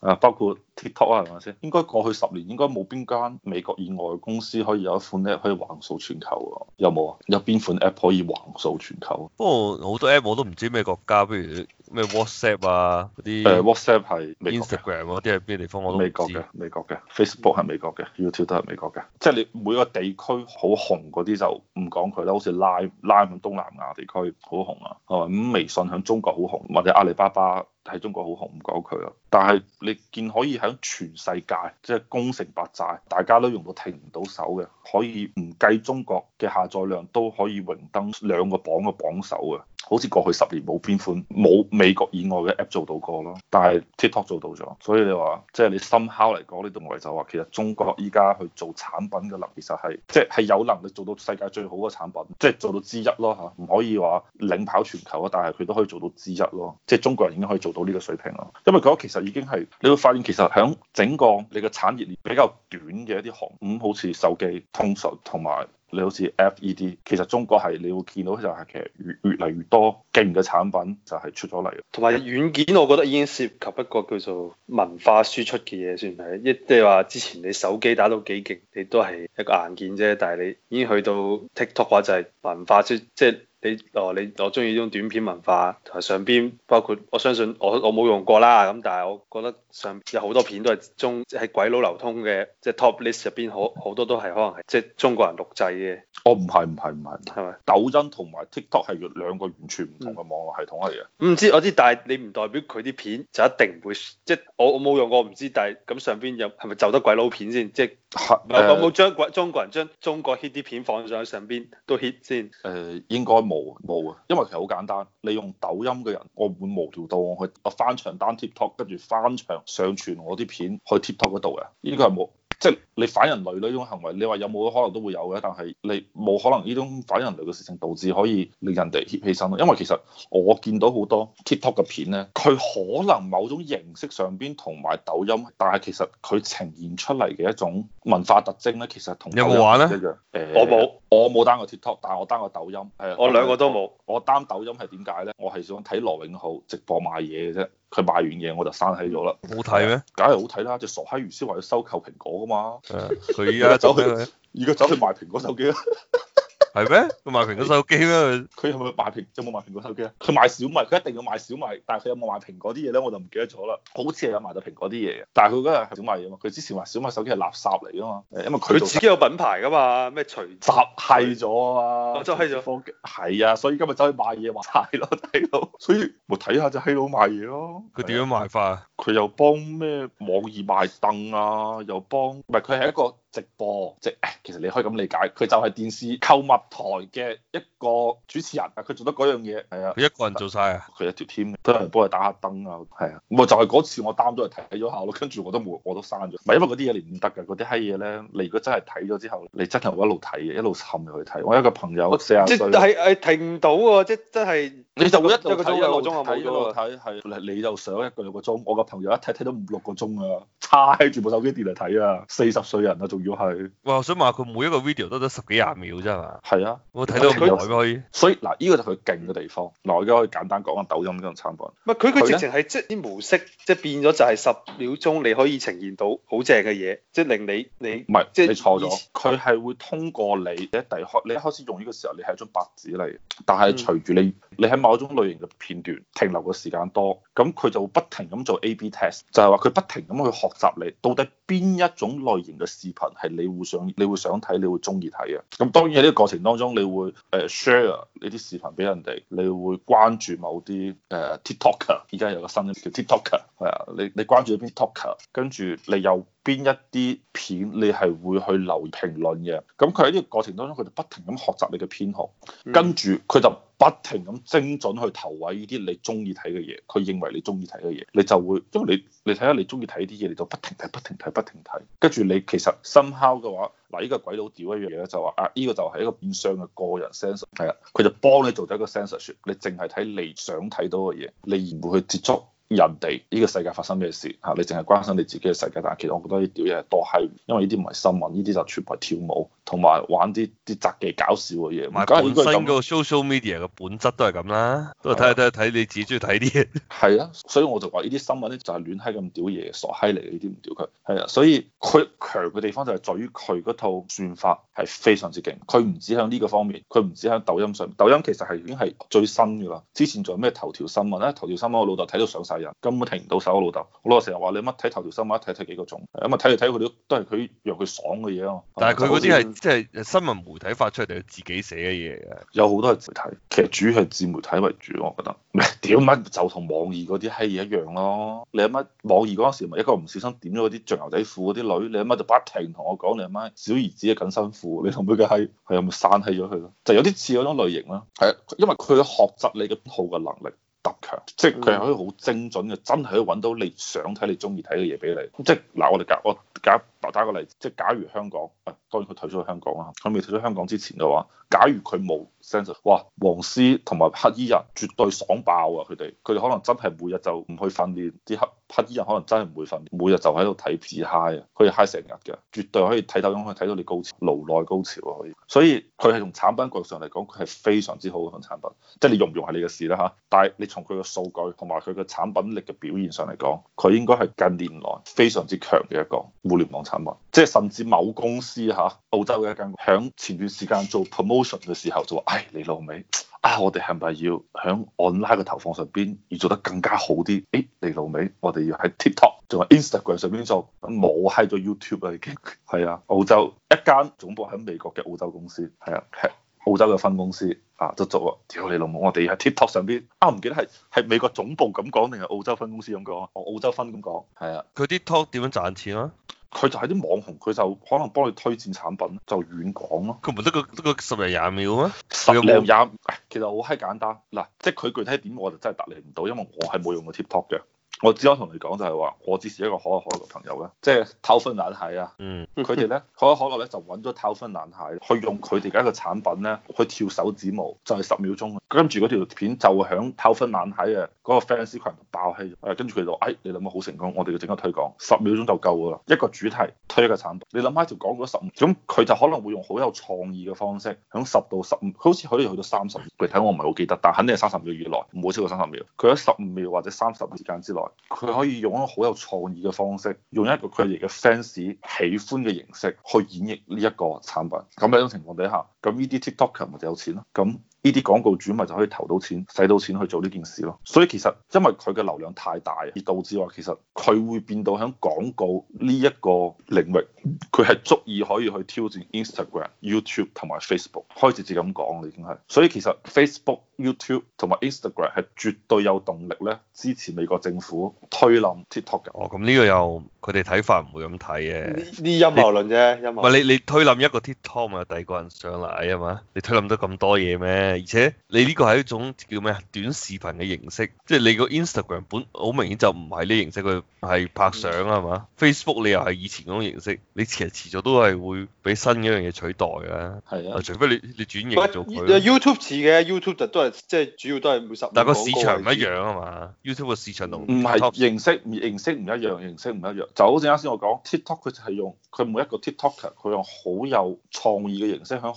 啊，包括 TikTok 啊，係咪先？應該過去十年應該冇邊間美國以外嘅公司可以有一款 app 可以橫掃全球。有冇啊？有邊款 App 可以橫掃全球？不過好多 App 我都唔知咩國家，不如。咩 Wh、啊 uh, WhatsApp 啊嗰啲？誒 WhatsApp 係 Instagram 啲係咩地方我都知美國嘅，美國嘅，Facebook 係美國嘅，YouTube 都係美國嘅。即係你每個地區好紅嗰啲就唔講佢啦，好似 Line Line 響東南亞地區好紅啊，係、啊、咁微信響中國好紅，或者阿里巴巴喺中國好紅，唔講佢啊。但係你見可以響全世界即係攻城拔寨，大家都用到停唔到手嘅，可以唔計中國嘅下載量，都可以榮登兩個榜嘅榜首嘅。好似過去十年冇邊款冇美國以外嘅 app 做到過咯，但係 TikTok 做到咗，所以你話即係你深敲嚟講，你認為就話其實中國依家去做產品嘅能力，其實係即係係有能力做到世界最好嘅產品，即係做到之一咯嚇，唔可以話領跑全球啊，但係佢都可以做到之一咯，即係中國人已經可以做到呢個水平咯，因為佢其實已經係，你會發現其實喺整個你嘅產業鏈比較短嘅一啲行，好似手機、通訊同埋，你好似 FED，其實中國係你會見到就係、是、其實越越嚟越多勁嘅產品就係出咗嚟同埋軟件，我覺得已經涉及一個叫做文化輸出嘅嘢算係一，即係話之前你手機打到幾勁，你都係一個硬件啫，但係你已經去到 TikTok 話就係文化輸出。就是你哦，你我中意呢種短片文化，同上邊包括我相信我我冇用過啦，咁但係我覺得上邊有好多片都係中即係、就是、鬼佬流通嘅，即、就、係、是、Top List 入邊好好多都係可能係即係中國人錄製嘅。我唔係唔係唔係，係咪抖音同埋 TikTok 係兩個完全唔同嘅網絡系統嚟嘅、嗯？唔、嗯、知我知，但係你唔代表佢啲片就一定唔會，即、就、係、是、我我冇用過，我唔知。但係咁上邊有係咪就得鬼佬片先？即、就、係、是。係，呃、有冇將國中國人將中國 hit 啲片放咗喺上邊？都 hit 先？誒應該冇，冇啊，因為其實好簡單。你用抖音嘅人，我唔會無聊到去，我去翻牆 down TikTok，跟住翻牆上傳我啲片去 TikTok 度嘅，呢個係冇。即係你反人類呢種行為，你話有冇可能都會有嘅？但係你冇可能呢種反人類嘅事情導致可以令人哋 heat 起身咯。因為其實我見到好多 TikTok 嘅片咧，佢可能某種形式上邊同埋抖音，但係其實佢呈現出嚟嘅一種文化特徵咧，其實同抖音唔一樣。有冇話咧？誒，我冇。我冇擔個 TikTok，但係我擔個抖音。係啊，我兩個都冇。我擔抖音係點解咧？我係想睇羅永浩直播賣嘢嘅啫。佢賣完嘢我就刪起咗啦。好睇咩？梗係、嗯、好睇啦！隻傻閪魚先為咗收購蘋果噶嘛。係啊、嗯，佢而家走去，而家走去賣蘋果手機啦。 係咩？佢賣蘋果手機咩？佢佢係咪賣蘋？有冇賣蘋果手機啊？佢賣小米，佢一定要賣小米。但係佢有冇賣蘋果啲嘢咧？我就唔記得咗啦。好似係有賣到蘋果啲嘢，但係佢嗰日係小米啊嘛。佢之前話小米手機係垃圾嚟噶嘛？因為佢自己有品牌噶嘛，咩除雜係咗啊？即真係咗放技。係啊，所以今日走去賣嘢滑晒咯，大佬。 所以我睇以 下隻閪佬賣嘢咯。佢點樣賣法？佢又幫咩網易賣凳啊？又幫唔係？佢係一個。直播即係，其實你可以咁理解，佢就係電視購物台嘅一個主持人啊。佢做得嗰樣嘢，係啊，佢一個人做晒，啊。佢一條片，都有人幫佢打下燈啊。係啊，唔係就係、係、嗰次我擔咗嚟睇咗下咯，跟住我都冇，我都刪咗。唔係因為嗰啲嘢你唔得嘅，嗰啲閪嘢咧，你如果真係睇咗之後，你真係會一路睇嘅，一路沉入去睇。我一個朋友四十歲，係停唔到即真係。你就會一個鐘一個鐘啊！冇咗啦，睇係你就上一個兩個鐘，我個朋友一睇睇到五六個鐘啊，叉住部手機電嚟睇啊，四十歲人啊，仲要係。哇！我想問下佢每一個 video 都得十幾廿秒啫嘛？係啊，我睇到咁耐佢。所以嗱，呢個就佢勁嘅地方。嗱，我而家可以簡單講下抖音嗰種產品。唔係佢佢直情係即係啲模式，即係變咗就係十秒鐘你可以呈現到好正嘅嘢，即係令你你唔係即係你錯咗。佢係會通過你你一第開你一開始用呢個時候，你係一張白紙嚟。但係隨住你你喺。某一種類型嘅片段停留嘅時間多，咁佢就會不停咁做 A/B test，就係話佢不停咁去學習你到底邊一種類型嘅視頻係你會想你會想睇你會中意睇嘅。咁當然喺呢個過程當中，你會誒 share 呢啲視頻俾人哋，你會關注某啲誒 TikToker。依家有個新嘅叫 TikToker，係啊，你你關注啲 TikToker，跟住你有邊一啲片你係會去留評論嘅。咁佢喺呢個過程當中，佢就不停咁學習你嘅偏好，跟住佢就。不停咁精準去投餵呢啲你中意睇嘅嘢，佢認為你中意睇嘅嘢，你就會因為你你睇下你中意睇啲嘢，你就不停睇不停睇不停睇，跟住你其實 somehow 嘅話，嗱、這、呢個鬼佬屌一樣嘢咧，就話啊呢、這個就係一個變相嘅個人 censorship，係啊，佢就幫你做咗一個 censorship，你淨係睇你想睇到嘅嘢，你而唔會去接觸。人哋呢個世界發生咩事嚇、啊？你淨係關心你自己嘅世界，但係其實我覺得啲屌嘢多閪，因為呢啲唔係新聞，呢啲就全部係跳舞同埋玩啲節雜技搞笑嘅嘢。本身個 social media 嘅本質都係咁啦，都睇睇睇你自己中意睇啲。係啊，所以我就話呢啲新聞咧就係亂閪咁屌嘢，傻閪嚟嘅呢啲唔屌佢。係啊，所以佢強嘅地方就係在於佢嗰套算法係非常之勁，佢唔止響呢個方面，佢唔止響抖音上面。抖音其實係已經係最新㗎啦，之前仲有咩頭條新聞咧？頭條新聞我老豆睇到上曬。根本停唔到手，老豆。我老豆成日話你乜睇頭條新聞一睇睇幾個鐘，咁啊睇嚟睇去都都係佢讓佢爽嘅嘢咯。但係佢嗰啲係即係新聞媒體發出嚟定係自己寫嘅嘢嚟嘅？有好多係媒體，其實主要係自媒體為主，我覺得。屌乜？就同網易嗰啲閪一樣咯，啊。你阿乜？網易嗰陣時咪一個唔小心點咗嗰啲著牛仔褲嗰啲女，你阿乜就不停同我講你阿媽，媽小兒子嘅緊身褲，你同佢嘅閪係有冇散閪咗佢咯？就有啲似嗰種類型啦。係，因為佢學習你嘅套嘅能力。十強，即係佢係可以好精準嘅，真係可以揾到你想睇、你中意睇嘅嘢俾你。即係嗱，我哋假我假打個例子，即係假如香港，啊、當然佢退出香港啦。佢未退出香港之前嘅話，假如佢冇 censor，哇，黃絲同埋黑衣人絕對爽爆啊！佢哋，佢哋可能真係每日就唔去訓練啲黑。黑衣人可能真係唔會瞓，每日就喺度睇自嗨。啊，佢要嗨成日嘅，絕對可以睇到咁可以睇到你高潮、腦內高潮啊！可以，所以佢係從產品角度上嚟講，佢係非常之好嘅一款產品，即係你用唔用係你嘅事啦嚇。但係你從佢嘅數據同埋佢嘅產品力嘅表現上嚟講，佢應該係近年來非常之強嘅一個互聯網產品，即係甚至某公司嚇澳洲嘅一間，響前段時間做 promotion 嘅時候就話：「唉，你老味。」啊！我哋係咪要喺 online 嘅投放上邊要做得更加好啲？哎，你老味！我哋要喺 TikTok 仲有 Instagram 上邊做，冇喺咗 YouTube 啦已經。係啊，澳洲一間總部喺美國嘅澳洲公司，係啊，係澳洲嘅分公司啊，都做啊！屌你老母，我哋喺 TikTok 上邊啊，唔記得係係美國總部咁講，定係澳洲分公司咁講啊？我澳洲分咁講。係啊，佢啲 TikTok 點樣賺錢啊？佢就係啲網紅，佢就可能幫你推薦產品，就遠講咯。佢唔係得個得個十零廿秒咩？十秒廿，其實好閪簡單。嗱，即係佢具體一點，我就真係答你唔到，因為我係冇用過 TikTok 嘅。我只想同你講就係話，我只是一個可口可樂嘅朋友咧，即係偷分難睇啊！嗯，佢哋咧，可口可樂咧就揾咗偷分難睇去用佢哋嘅一個產品咧，去跳手指舞，就係、是、十秒鐘。跟住嗰條片就會響偷分難睇嘅嗰個 fans 群爆氣，誒跟住佢就誒你諗下好成功，我哋要整個推廣十秒鐘就夠噶啦，一個主題推一個產品，你諗下條講咗十五，咁佢就可能會用好有創意嘅方式，響十到十五，好似可以去到三十，秒，具體我唔係好記得，但肯定係三十秒以內，唔會超過三十秒。佢喺十五秒或者三十秒之間之內。佢可以用一個好有創意嘅方式，用一個佢哋嘅 fans 喜歡嘅形式去演繹呢一個產品。咁喺種情況底下，咁呢啲 TikToker 咪就有錢咯。咁呢啲廣告主咪就可以投到錢，使到錢去做呢件事咯。所以其實因為佢嘅流量太大，而導致話其實佢會變到喺廣告呢一個領域。佢係足以可以去挑戰 Instagram、YouTube 同埋 Facebook，開始至咁講，已經係。所以其實 Facebook、YouTube 同埋 Instagram 係絕對有動力咧，支持美國政府推冧 TikTok 嘅。哦，咁、嗯、呢、呢個又佢哋睇法唔會咁睇嘅。呢啲陰謀論啫，陰謀論。唔係你你推冧一個 TikTok 咪第二個人上嚟啊嘛？你推冧得咁多嘢咩？而且你呢個係一種叫咩短視頻嘅形式，即、就、係、是、你個 Instagram 本好明顯就唔係呢形式，佢係拍相啊嘛。嗯、Facebook 你又係以前嗰種形式。你其實遲早都係會俾新一樣嘢取代啊，除非你你轉型做。YouTube 似嘅，YouTube 都係即係主要都係每十。但係個市場唔一樣啊嘛，YouTube 個市場同。唔係形式，唔形式唔一樣，形式唔一樣。就好似啱先我講，TikTok 佢就係用佢每一個 TikTok 佢用好有創意嘅形式響，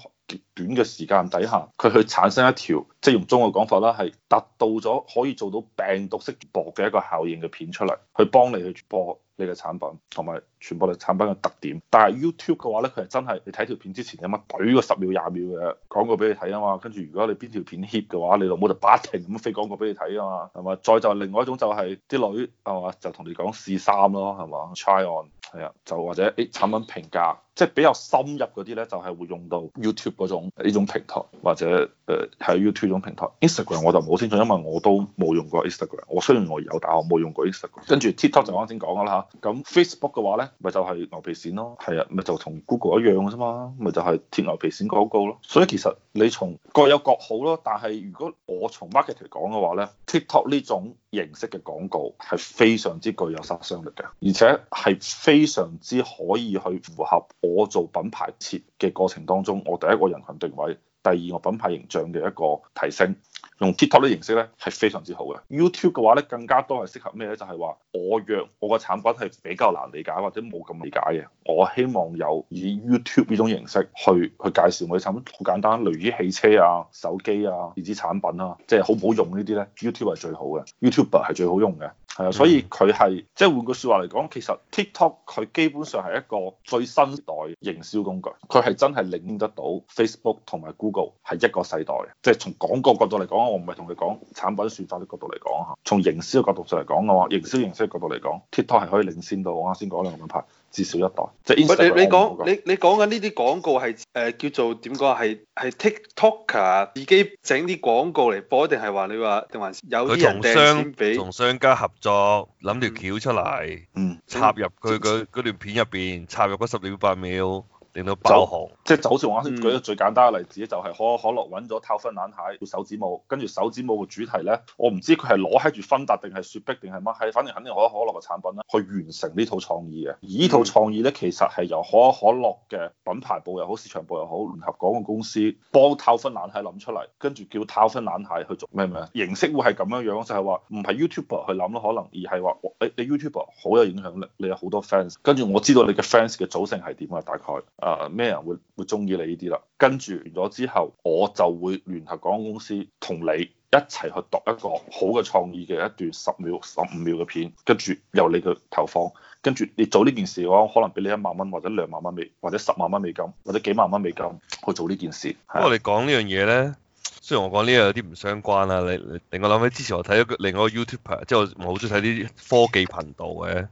短嘅時間底下，佢去產生一條，即係用中文講法啦，係達到咗可以做到病毒式傳播嘅一個效應嘅片出嚟，去幫你去播你傳播你嘅產品同埋傳播你產品嘅特點。但係 YouTube 嘅話咧，佢係真係你睇條片之前有，有乜懟個十秒廿秒嘅廣告俾你睇啊嘛。跟住如果你邊條片 hit 嘅話，你老母就不停咁飛廣告俾你睇啊嘛。係嘛？再就另外一種就係、是、啲女係嘛、哦，就同你講試衫咯，係嘛？Try on 係啊，就或者誒、哎、產品評價。即係比較深入嗰啲咧，就係會用到 YouTube 嗰種呢種平台，或者誒喺 YouTube 種平台。Instagram 我就冇清楚，因為我都冇用過 Instagram。我雖然我有，但我冇用過 Instagram。跟住 TikTok 就啱先講噶啦嚇。咁 Facebook 嘅話咧，咪就係牛皮癬咯。係啊，咪就同 Google 一樣啫嘛，咪就係貼牛皮癬廣告咯。所以其實你從各有各好咯。但係如果我從 market 嚟講嘅話咧，TikTok 呢種。形式嘅廣告係非常之具有殺傷力嘅，而且係非常之可以去符合我做品牌設嘅過程當中，我第一個人群定位，第二個品牌形象嘅一個提升。用 TikTok 啲形式咧係非常之好嘅，YouTube 嘅話咧更加多係適合咩咧？就係、是、話我若我個產品係比較難理解或者冇咁理解嘅，我希望有以 YouTube 呢種形式去去介紹我啲產品，好簡單，類似汽車啊、手機啊、電子產品啊，即係好唔好用呢啲咧？YouTube 係最好嘅，YouTuber 係最好用嘅。係，所以佢係即係換句說話嚟講，其實 TikTok 佢基本上係一個最新代營銷工具，佢係真係領先得到 Facebook 同埋 Google 係一個世代。即係從廣告角度嚟講，我唔係同你講產品選擇的角度嚟講嚇，從營銷角度上嚟講嘅話，營銷，營銷角度嚟講，TikTok 係可以領先到我啱先講兩個品牌。至少一代，即係 Instagram。你你講、那個、你你講緊呢啲廣告係誒、呃、叫做點講，係係 TikToker 自己整啲廣告嚟播，定係話你話定還是有佢同商同商家合作，諗條橋出嚟、嗯，插入佢佢嗰段片入邊，插入嗰十秒八秒。令到爆紅，即係就，就好似我啱先舉咗最簡單嘅例子，嗯、就係可口可樂揾咗偷分冷鞋做手指舞，跟住手指舞嘅主題咧，我唔知佢係攞喺住芬達定係雪碧定係乜閪，反正肯定可口可樂嘅產品啦，去完成呢套創意嘅。而呢套創意咧，其實係由可口可樂嘅品牌部又好、市場部又好，聯合廣告公司幫偷分冷鞋諗出嚟，跟住叫偷分冷鞋去做咩咩啊？形式會係咁樣樣，就係、是、話唔係 YouTuber 去諗咯，可能而係話誒你 YouTuber 好有影響力，你有好多 fans，跟住我知道你嘅 fans 嘅組成係點啊，大概。啊！咩人會會鍾意你呢啲啦？跟住完咗之後，我就會聯合廣告公司同你一齊去讀一個好嘅創意嘅一段十秒十五秒嘅片，跟住由你去投放，跟住你做呢件事嘅話，可能俾你一萬蚊或者兩萬蚊美，或者十萬蚊美金，或者幾萬蚊美金去做呢件事。不過你講呢樣嘢呢。雖然我講呢個有啲唔相關啦，你令我諗起之前我睇咗另外一個 YouTube，即係我好中意睇啲科技頻道嘅，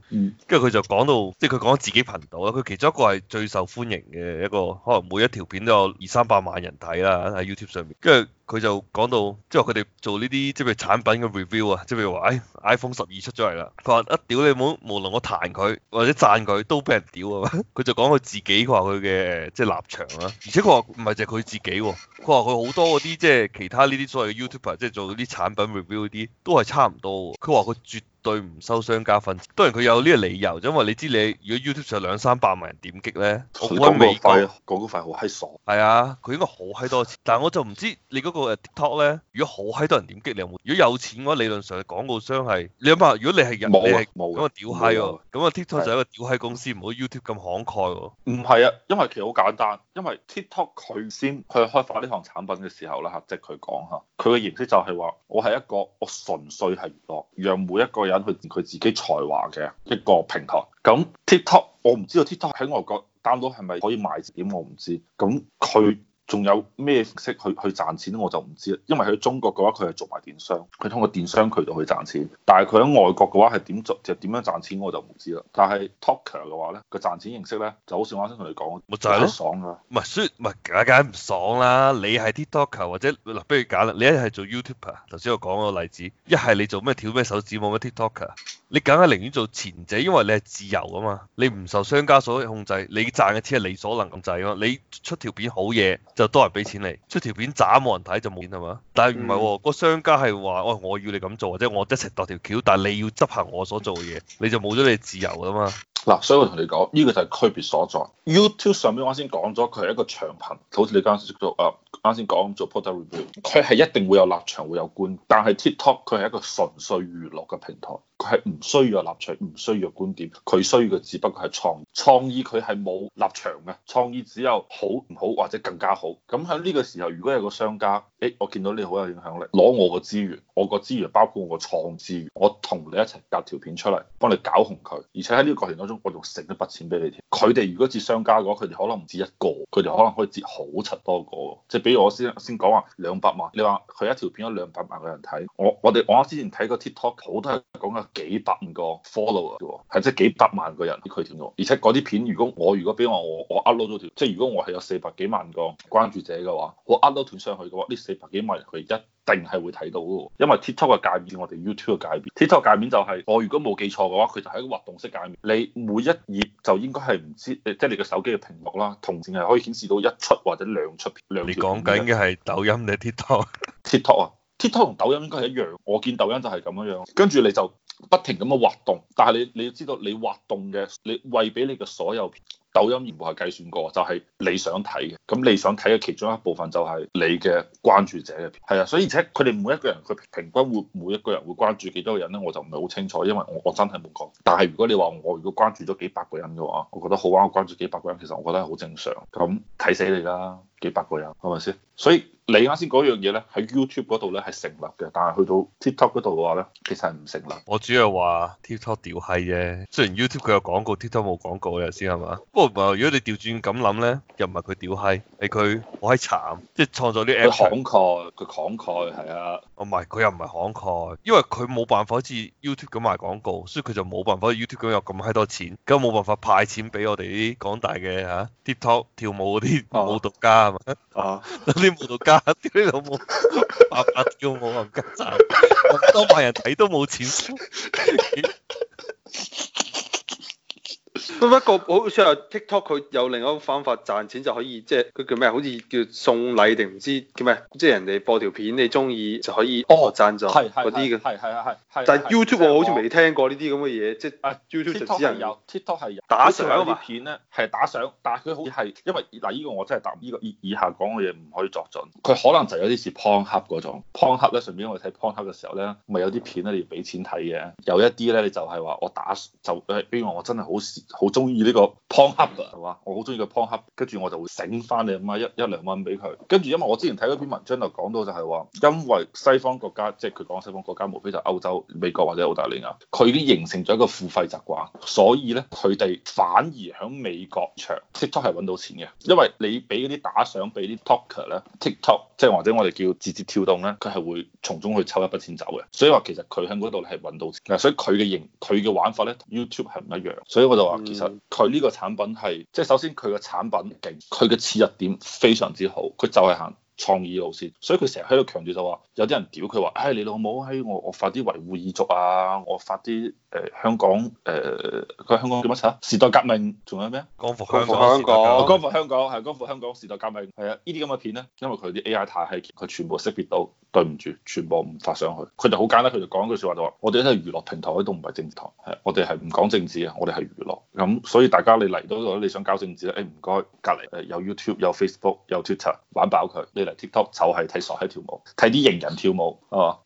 跟住佢就講到，即係佢講自己頻道啦，佢其中一個係最受歡迎嘅一個，可能每一條片都有二三百萬人睇啦喺 YouTube 上面，跟住。佢就講到，即係佢哋做呢啲即係產品嘅 review 啊，即係譬如話，iPhone 十二出咗嚟啦，佢話一屌你冇，無論我彈佢或者讚佢都俾人屌啊！佢 就講佢自己，佢話佢嘅即係立場啊。而且佢話唔係就係佢自己，佢話佢好多嗰啲即係其他呢啲所謂嘅 YouTuber，即係做到啲產品 review 啲都係差唔多。佢話佢絕對唔收商家分錢，當然佢有呢個理由，因為你知你如果 YouTube 上有兩三百萬人點擊咧，佢廣告費廣告費好閪傻，係啊，佢應該好閪多錢， 但係我就唔知你嗰個 TikTok 咧，如果好閪多人點擊你有冇？如果有錢嘅話，理論上嘅廣告商係你諗下，如果你係人，你係冇咁啊屌閪喎，咁啊 TikTok 就係一個屌閪公司，唔好的 YouTube 咁慷慨喎。唔係啊，因為其實好簡單，因為 TikTok 佢先佢開發呢項產品嘅時候啦嚇，即係佢講嚇，佢嘅形式就係話我係一個,我,一個我純粹係娛樂，讓每一個。佢佢自己才華嘅一個平台，咁 TikTok 我唔知道 TikTok 喺外國攤到係咪可以賣點，我唔知，咁佢。仲有咩識去去賺錢我就唔知啦，因為喺中國嘅話佢係做埋電商，佢通過電商渠道去賺錢。但係佢喺外國嘅話係點做，即係點樣賺錢我就唔知啦。但係 TikTok 嘅話咧，佢賺錢形式咧就好似我啱先同你講，我就係、er、好就爽㗎。唔係舒，唔係簡簡唔爽啦。你係 TikToker，或者嗱，不如揀啦。你一係做 YouTuber，頭先我講嗰個例子，一係你做咩跳咩手指舞嘅 TikToker？你梗係寧願做前者，因為你係自由啊嘛，你唔受商家所控制，你賺嘅錢係你所能控制啊嘛。你出條片好嘢，就多人俾錢你，出條片渣冇人睇就冇錢，係嘛。但係唔係個商家係話，我、哎、我要你咁做，或者我一齊搭條橋，但係你要執行我所做嘅嘢，你就冇咗你自由啊嘛。嗱、嗯，所以我同你講，呢、這個就係區別所在。YouTube 上面我先講咗，佢係一個長頻，好似你間 studio 啊。啱先講做 product review，佢係一定會有立場，會有觀，但係 TikTok 佢係一個純粹娛樂嘅平台，佢係唔需要有立場，唔需要有觀點，佢需要嘅只不過係創意，創意，佢係冇立場嘅，創意只有好唔好或者更加好。咁喺呢個時候，如果有個商家，誒、欸、我見到你好有影響力，攞我個資源，我個資源包括我個創資源，我同你一齊夾條片出嚟，幫你搞紅佢，而且喺呢個過程當中，我仲成一筆錢俾你添。佢哋如果接商家嘅話，佢哋可能唔止一個，佢哋可能可以接好柒多個，即俾我先先講話兩百萬，你話佢一條片有兩百萬個人睇，我我哋我之前睇個 TikTok 好多係講緊幾百個 follower 喎，係即係幾百萬個人啲佢斷咗，而且嗰啲片如果我如果俾我我我 upload 咗條，即係如果我係有四百幾萬個關注者嘅話，我 upload 斷上去嘅話，呢四百幾萬人佢一。定係會睇到嘅，因為 TikTok 嘅界面我哋 YouTube 嘅界面，TikTok 界面就係我如果冇記錯嘅話，佢就係一個滑動式界面。你每一頁就應該係唔知，即係你嘅手機嘅屏幕啦，同時係可以顯示到一出或者兩出兩條片。你講緊嘅係抖音定 TikTok？TikTok 啊，TikTok 同抖音應該係一樣。我見抖音就係咁樣，跟住你就不停咁樣滑動，但係你你要知道你滑動嘅，你餵俾你嘅所有片抖音原本係計算過，就係、是、你想睇嘅，咁你想睇嘅其中一部分就係你嘅關注者嘅片，係啊，所以而且佢哋每一個人佢平均會每一個人會關注幾多個人咧，我就唔係好清楚，因為我我真係冇講。但係如果你話我如果關注咗幾百個人嘅話，我覺得好玩，我關注幾百個人，其實我覺得係好正常。咁睇死你啦，幾百個人係咪先？所以你啱先嗰樣嘢咧，喺 YouTube 嗰度咧係成立嘅，但係去到 TikTok、ok、嗰度嘅話咧，其實唔成立。我主要話 TikTok、ok、屌閪嘅，雖然 YouTube 佢有廣告，TikTok、ok、冇廣告嘅先係嘛。是不過如果你調轉咁諗咧，又唔係佢屌閪，係佢我閪慘，即係創造啲 a 慷慨，佢慷慨係啊。哦，唔係，佢又唔係慷慨，因為佢冇辦法好似 YouTube 咁賣廣告，所以佢就冇辦法 YouTube 咁有咁閪多錢，咁冇辦法派錢俾我哋啲廣大嘅，TikTok 跳舞嗰啲舞蹈家啊嘛。啊，嗰啲舞蹈家跳啲舞，白、啊、癟跳舞咁掙，咁多萬人睇都冇錢。 不過好似話 TikTok 佢有另一個方法賺錢就可以，即係佢叫咩？好似叫送禮定唔知叫咩？即係人哋播條片你中意就可以，哦贊助嗰啲嘅。係係係係。但係 YouTube 我好似未聽過呢啲咁嘅嘢，即係。啊 YouTube 就只能有 TikTok 係打賞啲片咧，係打賞，但係佢好似係因為嗱呢個我真係答呢個以以下講嘅嘢唔可以作準，佢可能就有啲似 pornhub 嗰種 pornhub 咧，順便我哋睇 pornhub 嘅時候咧，咪有啲片咧你要俾錢睇嘅，有一啲咧你就係話我打就誒，比如我真係好。好中意呢個 PongHub 係嘛？我好中意個 PongHub，跟住我就會醒翻你媽一一兩蚊俾佢。跟住因為我之前睇嗰篇文章就講到就係話，因為西方國家即係佢講西方國家無非就係歐洲、美國或者澳大利亞，佢已經形成咗一個付費習慣，所以咧佢哋反而喺美國場 TikTok 係揾到錢嘅，因為你俾嗰啲打賞俾啲 Toker 咧，TikTok 即係或者我哋叫字節跳動咧，佢係會從中去抽一筆錢走嘅。所以話其實佢喺嗰度係揾到錢，所以佢嘅形佢嘅玩法咧同 YouTube 係唔一樣，所以我就話。其實佢呢個產品係即係首先佢嘅產品勁，佢嘅切入點非常之好，佢就係行創意路線，所以佢成日喺度強調就話，有啲人屌佢話，唉，你老母，喺我我發啲維吾爾族啊，我發啲誒、呃、香港誒，佢、呃、香港叫乜柒？時代革命，仲有咩、啊？光復香港，光復香港，係光復香港時代革命，係啊，呢啲咁嘅片咧，因為佢啲 A I 太係佢全部識別到，對唔住，全部唔發上去。佢就好簡單，佢就講句説話就話，我哋都係娛樂平台，都唔係政治台，係、啊、我哋係唔講政治嘅，我哋係娛樂。咁所以大家你嚟到，如果你想搞政治咧，誒唔該，隔離誒有 YouTube，有 Facebook，有 Twitter，玩爆佢。TikTok 就係睇傻仔跳舞，睇啲型人跳舞，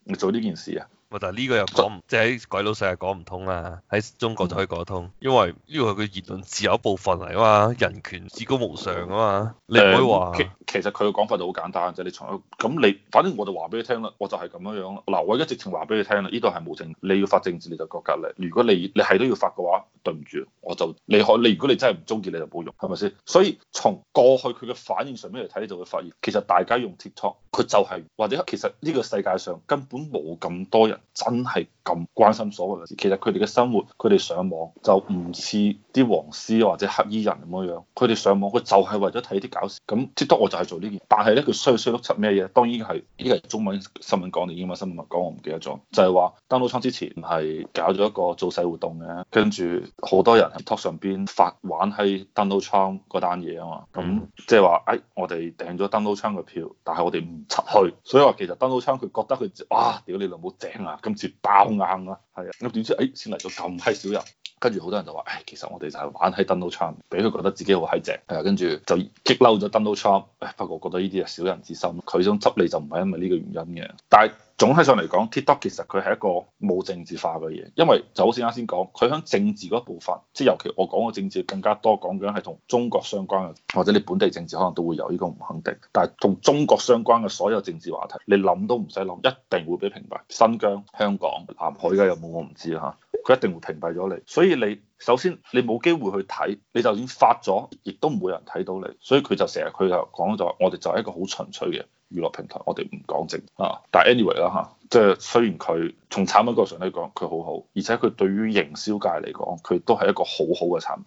你做呢件事啊，但係呢個又講就即係喺鬼佬世界講唔通啦，喺中國就可以講得通，因為呢個係佢言論自由一部分嚟啊嘛，人權至高無上啊嘛，你唔可以話、呃。其其實佢嘅講法就好簡單，就係、是、你從咁你，反正我就話俾你聽啦，我就係咁樣樣。嗱，我而家直情話俾你聽啦，呢度係無政，你要發政治你就覺得咧。如果你你係都要發嘅話。對唔住，我就離開你。如果你真係唔中意你就冇用，係咪先？所以從過去佢嘅反應上面嚟睇，你就會發現，其實大家用 TikTok，佢就係、是、或者其實呢個世界上根本冇咁多人真係咁關心所謂嘅事。其實佢哋嘅生活，佢哋上網就唔似。啲黃絲或者黑衣人咁嘅樣，佢哋上網佢就係為咗睇啲搞笑，咁即得我就係做呢件，但係咧，佢衰衰碌柒咩嘢？當然係呢個中文新聞講定英文新聞講，我唔記得咗。就係話 Donald Trump 之前唔係搞咗一個造勢活動嘅，跟住好多人喺 TikTok 上邊發玩喺 Donald Trump 嗰單嘢啊嘛。咁即係話，誒、就是哎、我哋訂咗 Donald Trump 嘅票，但係我哋唔出去，所以話其實 Donald Trump 佢覺得佢哇屌你老母正啊，今次爆硬啊，係啊，咁點知誒先嚟到咁閪少人。跟住好多人就話，唉，其實我哋就係玩喺 Donald Trump，俾佢覺得自己好閪正，係啊，跟住就激嬲咗 Donald Trump。唉，不過我覺得呢啲係小人之心，佢想執你就唔係因為呢個原因嘅。但係總體上嚟講，TikTok 其實佢係一個冇政治化嘅嘢，因為就好似啱先講，佢喺政治嗰部分，即係尤其我講嘅政治更加多講緊係同中國相關嘅，或者你本地政治可能都會有，呢個唔肯定。但係同中國相關嘅所有政治話題，你諗都唔使諗，一定會俾屏蔽。新疆、香港、南海依家有冇我唔知啦。佢一定會屏蔽咗你，所以你首先你冇機會去睇，你就算發咗，亦都唔會有人睇到你，所以佢就成日佢就講咗，我哋就係一個好純粹嘅娛樂平台，我哋唔講正啊。但係 anyway 啦嚇，即係雖然佢從產品角度上嚟講，佢好好，而且佢對於營銷界嚟講，佢都係一個好好嘅產品。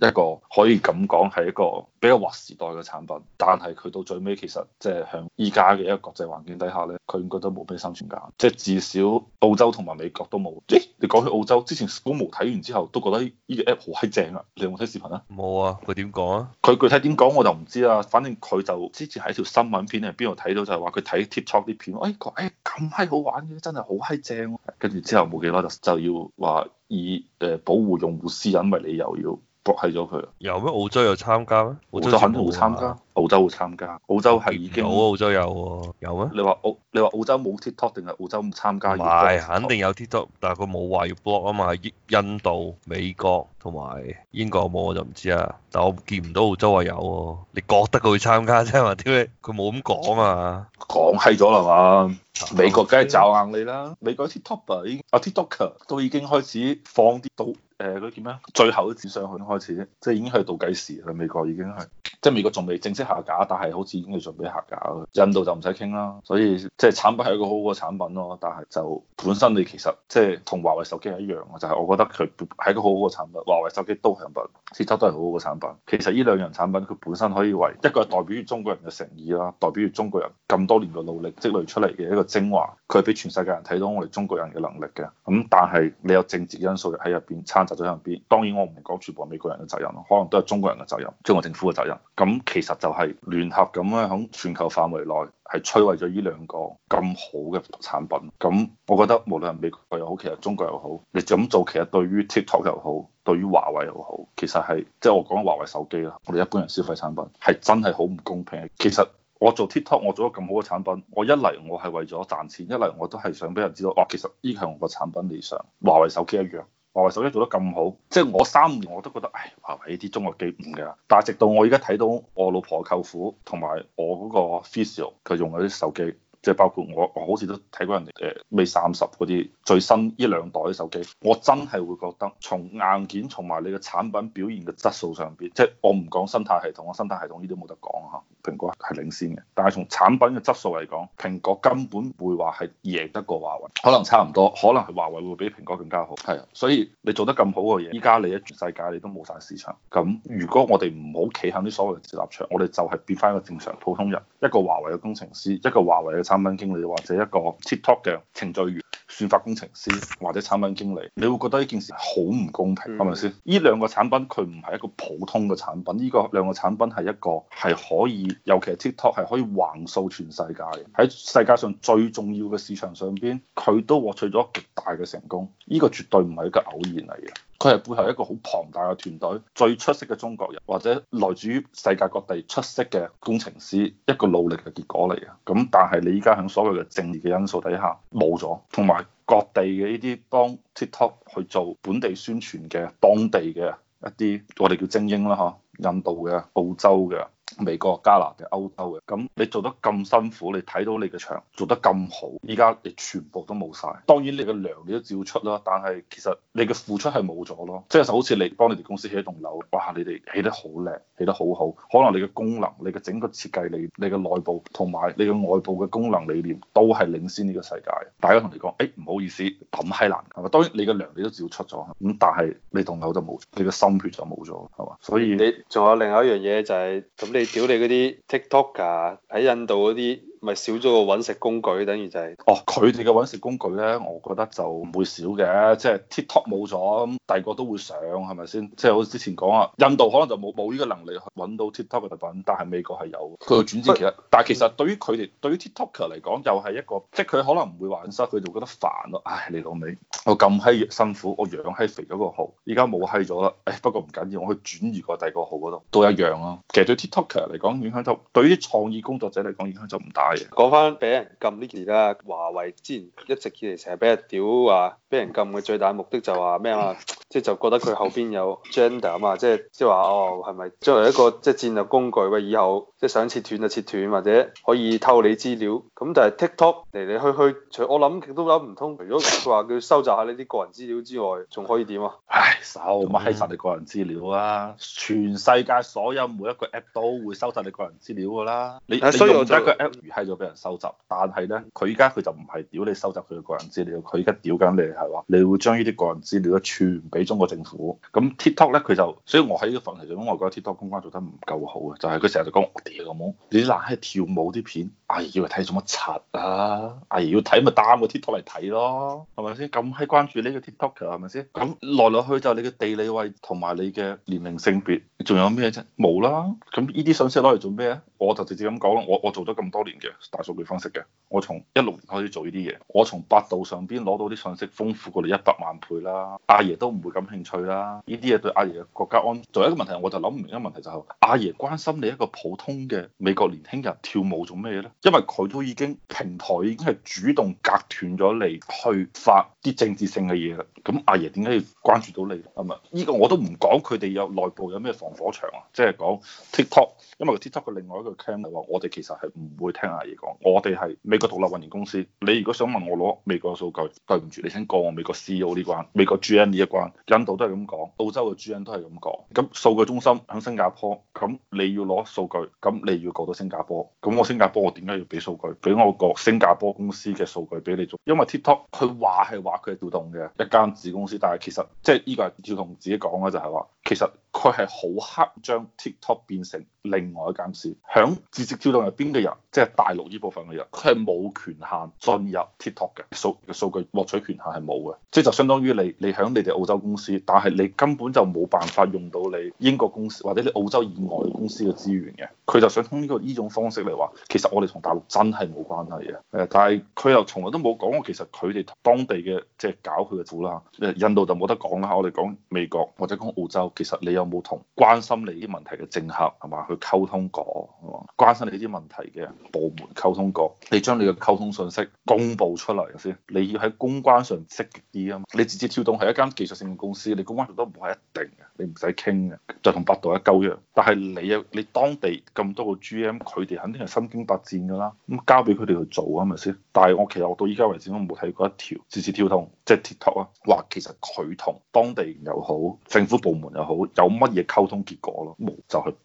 一個可以咁講，係一個比較劃時代嘅產品，但係佢到最尾其實即係向依家嘅一個國際環境底下咧，佢應該都冇咩生存價，即係至少澳洲同埋美國都冇。咦？你講起澳洲，之前古毛睇完之後都覺得呢個 app 好閪正啊！你有冇睇視頻啊？冇啊。佢點講啊？佢具體點講我就唔知啦。反正佢就之前喺條新聞片係邊度睇到，就係話佢睇 TikTok 啲片，哎、這個哎咁閪好玩嘅，真係好閪正。跟住之後冇幾耐，就就要話以誒保護用戶私隱為理由要。係咗佢有咩澳洲有參加咩？澳洲，澳洲肯定冇參加？澳洲會參加？澳洲係已經有？澳洲有喎。有咩？你話澳、你話澳洲冇 TikTok 定係澳洲唔參加？唔係是，肯定有 TikTok，但係佢冇話要 block 啊嘛。印度、美國同埋英國冇我就唔知啊。但我見唔到澳洲話有喎。你覺得佢會參加啫嘛？點解佢冇咁講啊？講閪咗啦嘛！美國梗係找硬你啦。美國 TikTok，啊、TikToker 已經啊 TikToker 都已經開始放啲刀。到誒啲叫咩？最後一子上去開始啫，即係已經係倒計時。喺美國已經係，即係美國仲未正式下架，但係好似已經係準備下架。印度就唔使傾啦。所以即係產品係一個好好嘅產品咯，但係就本身你其實即係同華為手機係一樣嘅，就係我覺得佢係一個好好嘅產品。華為手機都係品，此周都係好好嘅產品。其實呢兩樣產品佢本身可以為一個係代表住中國人嘅誠意啦，代表住中國人咁多年嘅努力積累出嚟嘅一個精華，佢係俾全世界人睇到我哋中國人嘅能力嘅。咁但係你有政治因素喺入邊就咗喺邊？當然我唔講全部係美國人嘅責任咯，可能都係中國人嘅責任，中國政府嘅責任。咁其實就係聯合咁樣，喺全球範圍內係摧毀咗呢兩個咁好嘅產品。咁我覺得無論係美國又好，其實中國又好，你咁做其實對於 TikTok 又好，對於華為又好，其實係即係我講華為手機啦。我哋一般人消費產品係真係好唔公平。其實我做 TikTok，我做咗咁好嘅產品，我一嚟我係為咗賺錢，一嚟我都係想俾人知道，哇！其實呢個係我個產品理想。華為手機一樣。華為手機做得咁好，即係我三年我都覺得，唉，華為呢啲中國機唔噶。但係直到我而家睇到我老婆舅父同埋我嗰個 Face，佢用嗰啲手機，即係包括我，我好似都睇過人哋，誒 Mate 三十嗰啲最新一兩代啲手機，我真係會覺得從硬件，同埋你嘅產品表現嘅質素上邊，即係我唔講生態系統，我生態系統呢啲冇得講吓。蘋果係領先嘅，但係從產品嘅質素嚟講，蘋果根本會話係贏得過華為，可能差唔多，可能係華為會比蘋果更加好。係啊，是的 所以你做得咁好嘅嘢，依家你喺全世界你都冇晒市場。咁如果我哋唔好企喺啲所謂嘅立場，我哋就係變翻一個正常普通人，一個華為嘅工程師，一個華為嘅產品經理，或者一個 TikTok 嘅程序員。算法工程師或者產品經理，你會覺得呢件事好唔公平，係咪先？呢兩個產品佢唔係一個普通嘅產品，呢個兩個產品係一個係可以，尤其係 TikTok 係可以橫掃全世界嘅，喺世界上最重要嘅市場上邊，佢都獲取咗極大嘅成功，呢個絕對唔係一個偶然嚟嘅。佢係背後一個好龐大嘅團隊，最出色嘅中國人或者來自於世界各地出色嘅工程師一個努力嘅結果嚟嘅。咁但係你依家喺所謂嘅政治嘅因素底下冇咗，同埋各地嘅呢啲幫 TikTok 去做本地宣傳嘅當地嘅一啲我哋叫精英啦嚇，印度嘅、澳洲嘅。美國、加拿大、歐洲嘅，咁你做得咁辛苦，你睇到你嘅場做得咁好，依家你全部都冇晒。當然你嘅糧你都照出啦，但係其實你嘅付出係冇咗咯。即係就好似你幫你哋公司起一棟樓，哇！你哋起得好靚。起得好好，可能你嘅功能、你嘅整個設計理念、你嘅內部同埋你嘅外部嘅功能理念都係領先呢個世界。大家同你講，誒、欸、唔好意思抌閪難，係嘛？當然你嘅糧你都照出咗，咁但係你同牛就冇，你嘅心血就冇咗，係嘛？所以你仲有另外一樣嘢就係、是、咁，你屌你嗰啲 TikTok 㗎，喺印度嗰啲。咪少咗個揾食工具，等於就係哦。佢哋嘅揾食工具咧，我覺得就唔會少嘅，即係 TikTok 冇咗，第個都會上，係咪先？即係好似之前講啊，印度可能就冇冇呢個能力去揾到 TikTok 嘅特品，但係美國係有，佢轉折其他。但係其實對於佢哋，對於 TikTok 嚟講，又係一個，即係佢可能唔會玩失，佢就覺得煩咯。唉，你老味，我咁閪辛苦，我養閪肥咗個號，依家冇閪咗啦。誒、哎，不過唔緊要，我去轉移個第二個號嗰度都一樣咯、啊。其實對 TikTok 嚟講影響就對於創意工作者嚟講影響就唔大。講翻俾人撳呢期啦，華為之前一直以嚟成日俾人屌話啊。俾人禁嘅最大嘅目的就話咩啊？即係就覺得佢後邊有 gender 啊嘛，即係即係話哦係咪作為一個即係戰略工具喂？以後即係想切斷就切斷，或者可以偷你資料咁。但係 TikTok 嚟嚟去去，除我諗都諗唔通，除咗佢話佢收集下你啲個人資料之外，仲可以點啊？唉，收乜閪晒你個人資料啊？全世界所有每一個 app 都會收集你個人資料噶啦。你你用得一個 app 如閪咗俾人收集，但係咧佢依家佢就唔係屌你收集佢嘅個人資料，佢而家屌緊你。係話，你會將呢啲個人資料傳俾中國政府咁，TikTok 咧佢就，所以我喺呢個範圍上我覺得 TikTok 公關做得唔夠好嘅，就係佢成日就講我屌毛，你啲爛閪跳舞啲片，阿姨要睇做乜柒啊？阿、哎、姨要睇咪 down 個 TikTok 嚟睇咯，係咪先？咁係關注呢個 TikTok 嘅係咪先？咁來來去去就你嘅地理位同埋你嘅年齡性別，仲有咩啫？冇啦，咁呢啲信息攞嚟做咩啊？我就直接咁講咯，我我做咗咁多年嘅大數據分析嘅，我從一六年開始做呢啲嘢，我從百度上邊攞到啲信息豐富過你一百萬倍啦，阿爺都唔會感興趣啦，呢啲嘢對阿爺嘅國家安。仲有一個問題，我就諗唔明一個問題就係，阿爺關心你一個普通嘅美國年輕人跳舞做咩嘢呢？因為佢都已經平台已經係主動隔斷咗你去發啲政治性嘅嘢啦，咁阿爺點解要關注到你呢？係咪？呢個我都唔講，佢哋有內部有咩防火牆啊？即係講 TikTok，因為 TikTok 佢另外一個。佢話我哋其實係唔會聽阿姨講，我哋係美國獨立運營公司。你如果想問我攞美國嘅數據，對唔住，你先過我美國 CEO 呢關，美國 GN 呢一關。印度都係咁講，澳洲嘅 GN 都係咁講。咁數據中心喺新加坡，咁你要攞數據，咁你要過到新加坡。咁我新加坡我點解要俾數據？俾我個新加坡公司嘅數據俾你做？因為 TikTok 佢話係話佢係調動嘅一間子公司，但係其實即係呢個要同自己講嘅就係話其實。佢係好黑將 TikTok 變成另外一間公司，響直接照度入邊嘅人，即係大陸呢部分嘅人，佢係冇權限進入 TikTok 嘅數嘅數據獲取權限係冇嘅，即係就相當於你你喺你哋澳洲公司，但係你根本就冇辦法用到你英國公司或者你澳洲以外嘅公司嘅資源嘅，佢就想通呢個呢種方式嚟話，其實我哋同大陸真係冇關係嘅，誒，但係佢又從來都冇講過其實佢哋當地嘅即係搞佢嘅苦啦，印度就冇得講啦，我哋講美國或者講澳洲，其實你。有冇同關心你啲問題嘅政客，係嘛去溝通過？關心你啲問題嘅部門溝通過，你將你嘅溝通信息公布出嚟先。你要喺公關上積極啲啊嘛！你字節跳動係一間技術性嘅公司，你公關上都唔係一定嘅。你唔使傾嘅，就同百度一鳩樣。但係你啊，你當地咁多個 GM，佢哋肯定係身經百戰㗎啦。咁、嗯、交俾佢哋去做係咪先？但係我其實我到依家為止都冇睇過一條字節跳動，即係 TikTok 啊，話其實佢同當地又好，政府部門又好，有乜嘢溝通結果咯？冇、嗯、就係、是、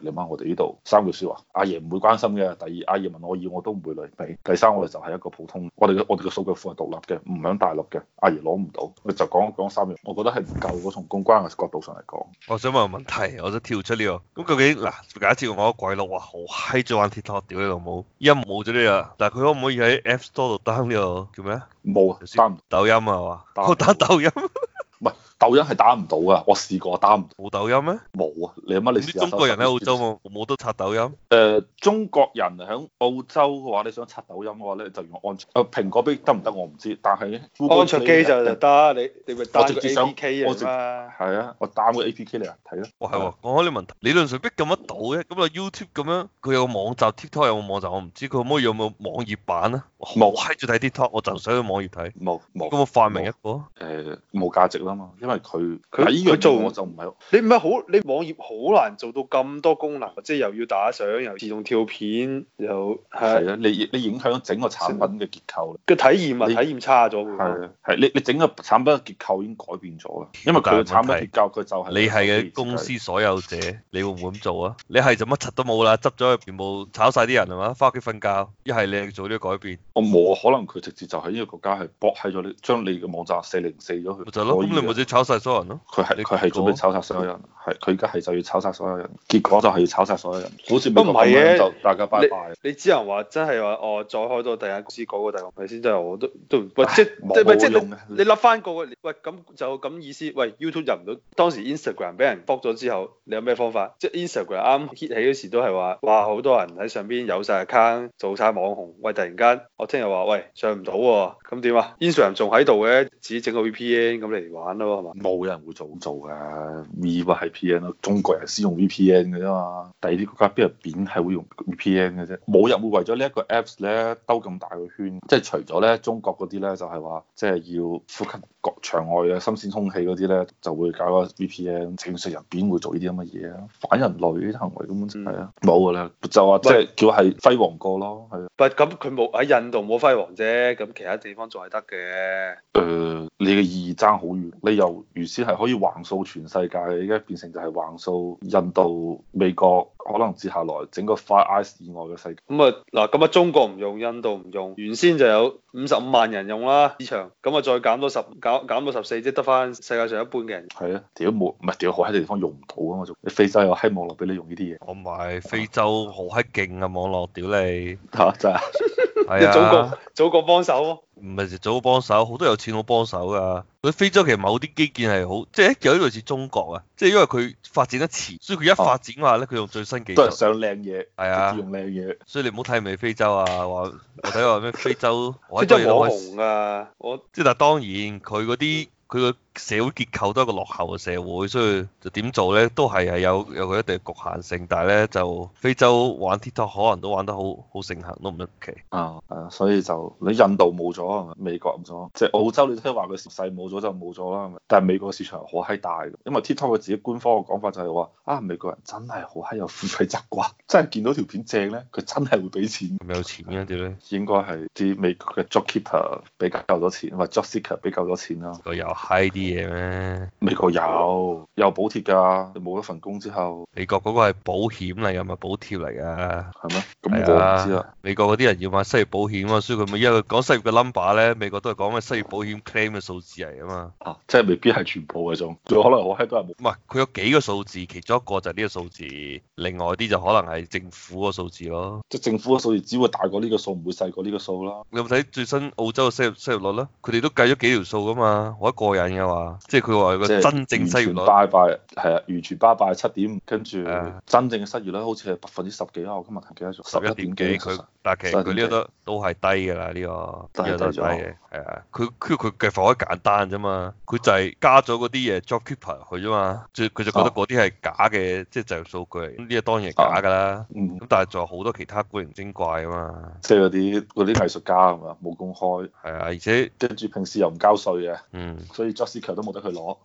你媽！我哋呢度三句説話，阿爺唔會關心嘅。第二，阿爺問我要我都唔會嚟俾。第三，我哋就係一個普通，我哋嘅我哋嘅數據庫係獨立嘅，唔響大陸嘅，阿爺攞唔到。我就講講三樣，我覺得係唔夠嘅，從公關嘅角度上嚟。講我想問個問題，我想跳出呢、這個，咁究竟嗱，假設我一個鬼佬，哇，好嗨，中意玩 TikTok，屌你老母，依家冇咗呢個，但係佢可唔可以喺 App Store 度 down 呢、這個叫咩啊？冇啊，down 抖音啊嘛，我打抖音。單 唔係抖音係打唔到噶，我試過打唔到抖音咩？冇啊，你乜你？啲中國人喺澳洲，我冇得刷抖音。誒，中國人喺澳洲嘅話，你想刷抖音嘅話咧，就用安卓。誒，蘋果機得唔得？我唔知。但係安卓機就得。你你咪打 A P K 啊？係啊，我打個 A P K 嚟啊，睇咯。哇係喎，講開呢問題，理論上逼咁得到嘅，咁啊 YouTube 咁樣，佢有個網站，TikTok 有冇網站？我唔知，佢可唔可以有冇網頁版啊？冇，閪住睇 TikTok，我就想去網頁睇。冇冇。咁我發明一個。誒，冇價值咯。因為佢佢佢做我就唔係，你唔係好你網頁好難做到咁多功能，即係又要打賞，又自動跳片，又係啊，你你影響整個產品嘅結構啦，個體驗啊，體驗差咗嘅係啊，係你你整個產品嘅結構已經改變咗啦，因為佢產品結構佢就係你係嘅公司所有者，你會唔會咁做啊？你係就乜柒都冇啦，執咗入邊冇炒晒啲人係嘛？翻屋企瞓覺；一係你做啲改變，我冇可能，佢直接就喺呢個國家係博喺咗你，將你嘅網站四零四咗佢，我或者炒曬所有人咯，佢係佢係準備炒曬所有人，係佢而家係就要炒曬所有人，結果就係要炒曬所有人。好似冇乜嘢就大家拜拜。你只能話真係話哦，再開到第一間公司，嗰個第二間，先？真係我都都喂，即係即係，你你諗翻個喂咁就咁意思？喂，YouTube 入唔到，當時 Instagram 俾人 block 咗之後，你有咩方法？即係 Instagram 啱 hit 起嗰時都係話，哇，好多人喺上邊有晒 account，做晒網紅。喂，突然間我聽日話喂上唔到喎，咁點啊？Instagram 仲喺度嘅，自己整個 VPN 咁嚟玩。冇人會做做噶，VPN 咯，中國人先用 VPN 嘅啫嘛。第二啲國家邊人邊係會用 VPN 嘅啫，冇人會為咗呢一個 Apps 咧兜咁大個圈。即係除咗咧中國嗰啲咧，就係話即係要呼吸國場外嘅新鮮空氣嗰啲咧，就會搞個 VPN。正常人邊會做呢啲咁嘅嘢啊，反人類行為根本就係啊，冇噶啦，就話即係叫係輝煌過咯，係啊。但係咁佢冇喺印度冇輝煌啫，咁其他地方仲係得嘅。誒、呃，你嘅意義爭好遠。你由原先係可以橫掃全世界，而家變成就係橫掃印度、美國，可能接下來整個 Five Eyes 以外嘅世界。咁啊嗱，咁啊中國唔用，印度唔用，原先就有五十五萬人用啦市場，咁啊再減多十，減減到十四，即得翻世界上一半嘅人。係啊，屌冇，唔係屌好閪地方用唔到啊嘛，仲非洲有閪網絡俾你用呢啲嘢。唔係、啊，非洲好閪勁嘅網絡，屌你嚇真係。係啊，祖國幫手咯，唔係就祖國幫手，好多有錢佬幫手噶。佢非洲其實某啲基建係好，即係有啲類似中國啊，即係因為佢發展得遲，所以佢一發展話咧，佢、啊、用最新技術，都係上靚嘢，係啊，用靚嘢。所以你唔好睇唔起非洲啊，話我睇話咩非洲，非洲好紅啊，我即係但係當然佢嗰啲佢個。社會結構都係一個落後嘅社會，所以就點做咧都係係有有佢一,一定嘅局限性，但係咧就非洲玩 TikTok 可能都玩得好好盛行，都唔出奇。啊啊，所以就你印度冇咗，美國唔咗，即係澳洲你都話佢時勢冇咗就冇咗啦，但係美國市場好閪大，因為 TikTok 佢自己官方嘅講法就係話啊美國人真係好閪有付費習慣，真係見到條片正咧，佢真係會俾錢。是是有錢咁啲咧，呢應該係啲美國嘅 jobkeeper 俾夠多錢，或 jobseeker 俾夠多，多錢啦。個又閪啲。啲嘢咩？美國有，有補貼㗎。冇一份工之後，美國嗰個係保險嚟㗎嘛，補貼嚟㗎，係咩？咁我唔、 啊、知啦、啊。美國嗰啲人要買失業保險啊，所以佢咪因為講失業嘅 number 咧，美國都係講咩失業保險 claim 嘅數字嚟㗎嘛。啊，即係未必係全部嗰種，仲可能我閪多人冇。唔係，佢有幾個數字，其中一個就係呢個數字，另外啲就可能係政府嘅數字咯。即係政府嘅數字只會大過呢個數，唔會細過呢個數啦。你有冇睇最新澳洲嘅失業失業率咧？佢哋都計咗幾條數㗎嘛，我一個人嘅。 即係佢話個真正失業率係啊，完全八敗七點跟住真正嘅失業率好似係百分之十幾啊！我今日記錯十一點幾佢，但係其實佢呢個都都係低嘅啦，呢、呢個都係低嘅，係啊！佢佢佢嘅方法簡單啫嘛，佢就係加咗嗰啲嘢 JobKeeper 入去啫嘛，佢就覺得嗰啲係假嘅，啊、即係就數據咁呢啲當然係假㗎啦。咁但係仲有好多其他古靈精怪啊嘛，即係嗰啲啲藝術家係嘛冇公開，係啊，而且跟住平時又唔交稅啊。嗯，所以 j、就、o、是球都冇得去攞。